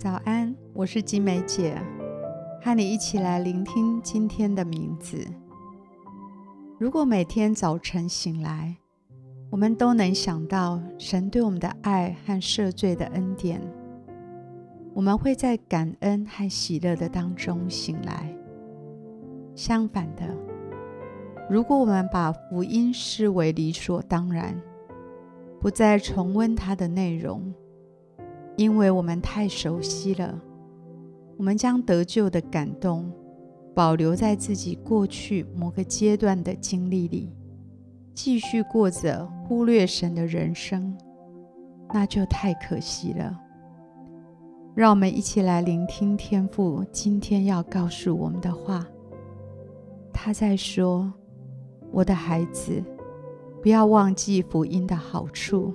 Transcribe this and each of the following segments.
早安，我是晶玫姊，和你一起來聆聽今天的名字。如果每天早晨醒來，我們都能想到神對我們的愛和赦罪的恩典，我們會在感恩和喜樂的當中醒來。相反的，如果我們把福音視為理所當然，不再重溫它的內容，因為我們太熟悉了，我們將得救的感動保留在自己過去某個階段的經歷裡，繼續過着忽略神的人生，那就太可惜了。讓我們一起來聆聽天父今天要告訴我們的話。他在說：“我的孩子，不要忘記福音的好處。”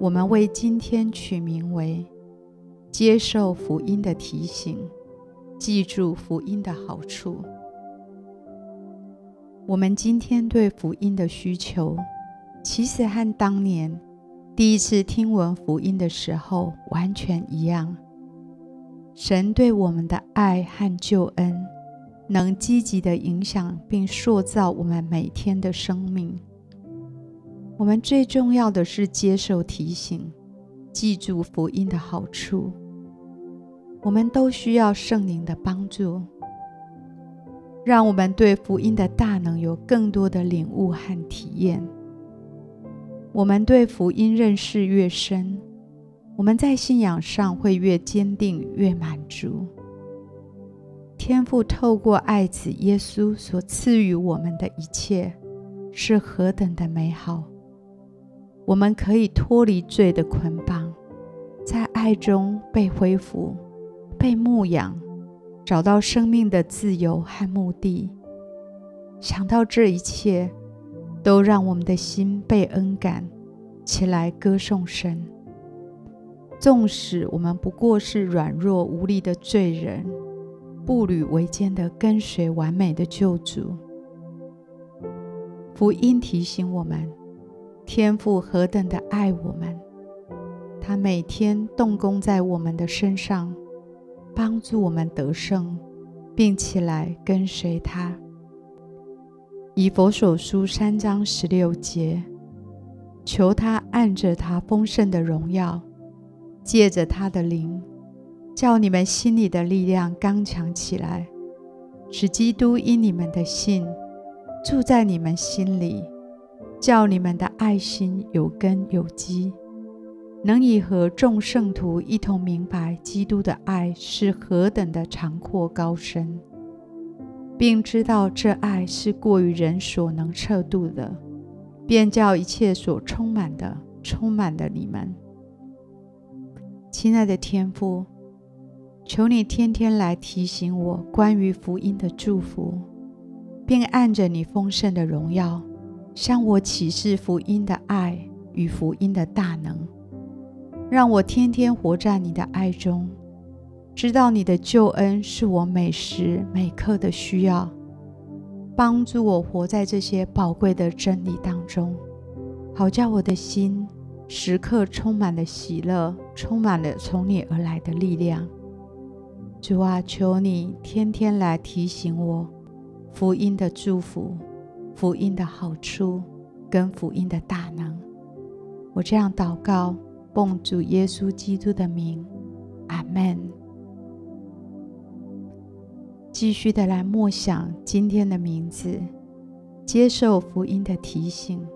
我們為今天取名為“接受福音的提醒，記住福音的好處”。我們今天對福音的需求，其實和當年第一次聽聞福音的時候完全一樣。神對我們的愛和救恩，能積極地影響並塑造我們每天的生命。我們最重要的是接受提醒，記住福音的好處。我們都需要聖靈的幫助，讓我們對福音的大能有更多的領悟和體驗。我們對福音認識越深，我們在信仰上會越堅定、越滿足。天父透過愛子耶穌所賜予我們的一切，是何等的美好！我們可以脫離罪的捆綁，在愛中被恢復、被牧養，找到生命的自由和目的。想到這一切，都讓我們的心被恩感，起來歌頌神。縱使我們不過是軟弱無力的罪人，步履維艱地跟隨完美的救主，福音提醒我們。天父何等的愛我們，他每天動工在我們的身上，幫助我們得勝，並起來跟隨他。以弗所書三章十六節，求他按着他豐盛的榮耀，借着他的靈，叫你們心裡的力量剛強起來，使基督因你們的信住在你們心裡。叫你們的愛心有根有基，能以和眾聖徒一同明白基督的愛是何等的長闊高深，並知道這愛是過於人所能測度的，便叫一切所充滿的充滿了你們。親愛的天父，求你天天來提醒我關於福音的祝福，並按着你豐盛的榮耀。向我啟示福音的愛與福音的大能，讓我天天活在你的愛中，知道你的救恩是我每時每刻的需要，幫助我活在這些寶貴的真理當中，好叫我的心時刻充滿了喜樂，充滿了從你而來的力量。主啊，求你天天來提醒我福音的祝福。福音的好處跟福音的大能，我這樣禱告，奉主耶穌基督的名，阿門。繼續的來默想今天的名字，接受福音的提醒，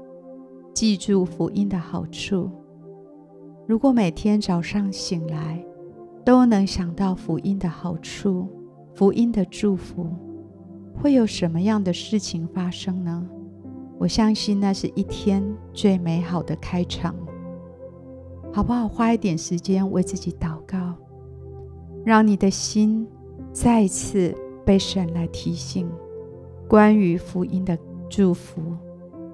記住福音的好處。如果每天早上醒來都能想到福音的好處，福音的祝福，會有什麼樣的事情發生呢？我相信那是一天最美好的開場，好不好？花一點時間為自己禱告，讓你的心再一次被神來提醒，關於福音的祝福，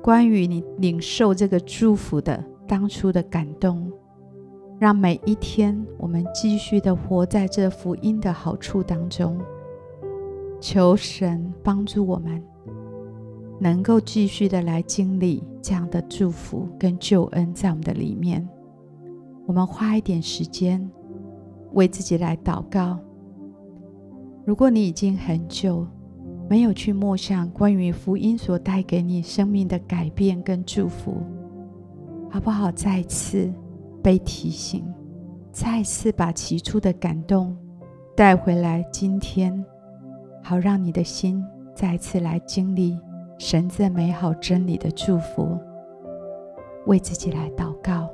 關於你領受這個祝福的當初的感動，讓每一天我們繼續的活在這福音的好處當中。求神幫助我們，能夠繼續的來經歷這樣的祝福跟救恩在我們的裡面。我們花一點時間為自己來禱告。如果你已經很久沒有去默想關於福音所帶給你生命的改變跟祝福，好不好？再次被提醒，再次把起初的感動帶回來。今天。好，讓你的心再次來經歷神這美好真理的祝福，為自己來禱告。